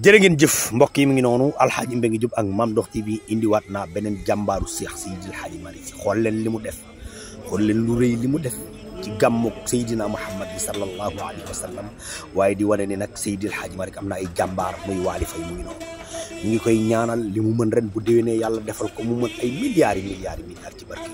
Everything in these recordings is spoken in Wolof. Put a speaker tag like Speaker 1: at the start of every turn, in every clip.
Speaker 1: jërë ngeen jëf mbokk yi mu ngi noonu alxaaji Mbengue Diop ak Mame Ndokh TV indiwaat naa beneen jàmbaaru seex Seydi El Hadji Malick Sy xool leen li mu def xool leen lu rëy li mu def ci gàmmuk Seydina Muhammad bi sallallahu alayhi wa sallam waaye di wane ne nag Seydi El Hadji Malick am na ay jàmbaar muy waali fay mu ngi noonu ñu ngi koy ñaanal li mu mën ren bu déwénee yàlla defal ko mu mën ay milliards yi milliards yi milliards ci barke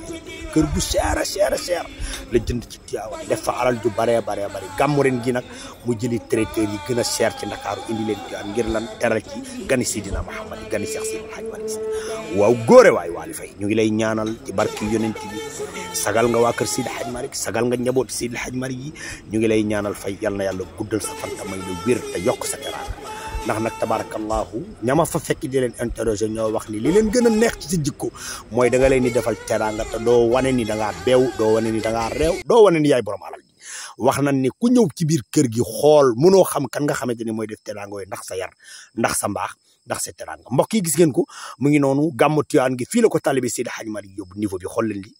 Speaker 1: kër bu seer a seer a seer jënd ci Tiwaawan def fa alal ju baree baree bari gàmmu gi nag mu jëli traiteur yi gën a seer ci ndakaaru indi leen Tiwaawan ngir lan teral ci gani Sidina Muhammad gani Cheikh Sidi Haj Malick Si waaw góore waay Waly Faye ñu ngi lay ñaanal ci barke yonent bi sagal nga waa kër Sidi Haj Malick sagal nga njaboot Sidi Haj Malick yi ñu ngi lay ñaanal fay yal na yàlla guddal sa fanta may la wér te yokk sa teraanga ndax nag tabarakallahu ñama fa fekk di leen interroger ñoo wax ni li gën a neex ci si jikko mooy da nga leen di defal teraanga te doo wane ni da ngaa beew doo wane ni da ngaa réew doo wane ni yaay borom alal wax nañ ni ku ñëw ci biir kër gi xool munoo xam kan nga xamante ni mooy def teraanga ndax sa yar ndax sa mbaax ndax sa teraanga mbokk yi gis ngeen ko mu ngi noonu gàmmu Tiwaawan gi fii la ko taalibe Seydi Hadji Malick yóbbu niveau bi xool leen li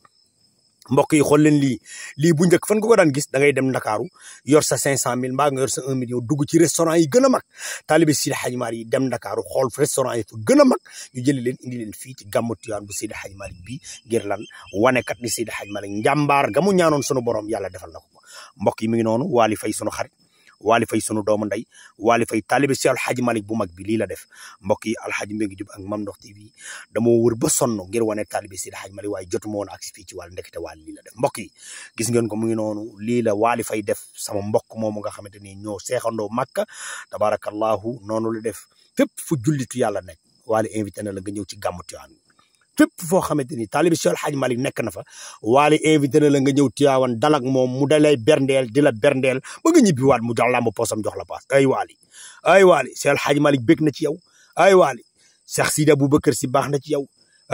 Speaker 1: mbokk yi xool leen lii lii bu njëkk fan nga ko daan gis da dem ndakaaru yor sa 500000 mbaa nga yor sa 1 million dugg ci restaurant yi gën a mag taalibe Seydi Hadji Malick yi dem ndakaaru xool restaurant yi fa gën a mag ñu jëli leen indi leen fii ci gàmmu Tiwaawan bu Seydi Hadji Malick bi ngir lan wanekat ni Seydi Hadji Malick njàmbaar ga mu ñaanoon sunu borom yàlla defal na ko mbokk yi mi ngi noonu Waly Faye sunu xarit Waly fay sunu doomu ndey Waly fay taalibe si alxaaji Malick bu mag bi lii la def mbokk yi alxaaji Mbengue Diop ak Mame Ndokh TV dama wër ba sonn ngir wane taalibe si alxaaji Malick waaye jotuma woon ak si fii ci wàll ndekete Waly lii la def mbokk yi gis ngeen ko mu noonu lii la Waly Faye def sama mbokk moomu nga xamante ni ñoo seexandoo Makka tabarakallahu noonu la def fépp fu jullitu yàlla nekk Waly invité na la nga ñëw ci gàmmu Tiwaawan fépp foo xamante ni taalibi Seex Alxaaj Malik nekk na fa waale invité na la nga ñëw Tiwaawan dal ak moom mu dalay berndeel di la berndeel ba nga ñibbiwaat mu jox làmb poosam jox la paas ay waali ay waali Seex Alxaaj Malik bég na ci yow ay waali Seex Sidi Abubakar Si baax na ci yow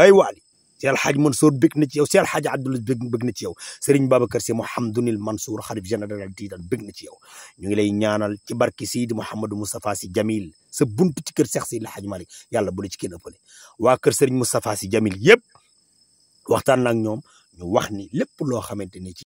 Speaker 1: ay waali Seex Xaaj Mansour bëgg na ci yow Seex Xaaj Abdul bëgg bëgg na ci yow Serigne Babacar Sy Mouhamadunil Mansour xalif général Tidiane bëgg na ci yow ñu ngi lay ñaanal ci barki Seydi Mouhamadou Moustapha Sy Jamil sa buntu ci kër Seex Seydi Xaaj Malick yàlla bu la ci kenn ëppale waa kër Serigne Moustapha Sy Jamil yëpp waxtaan na ak ñoom ñu wax ni lépp loo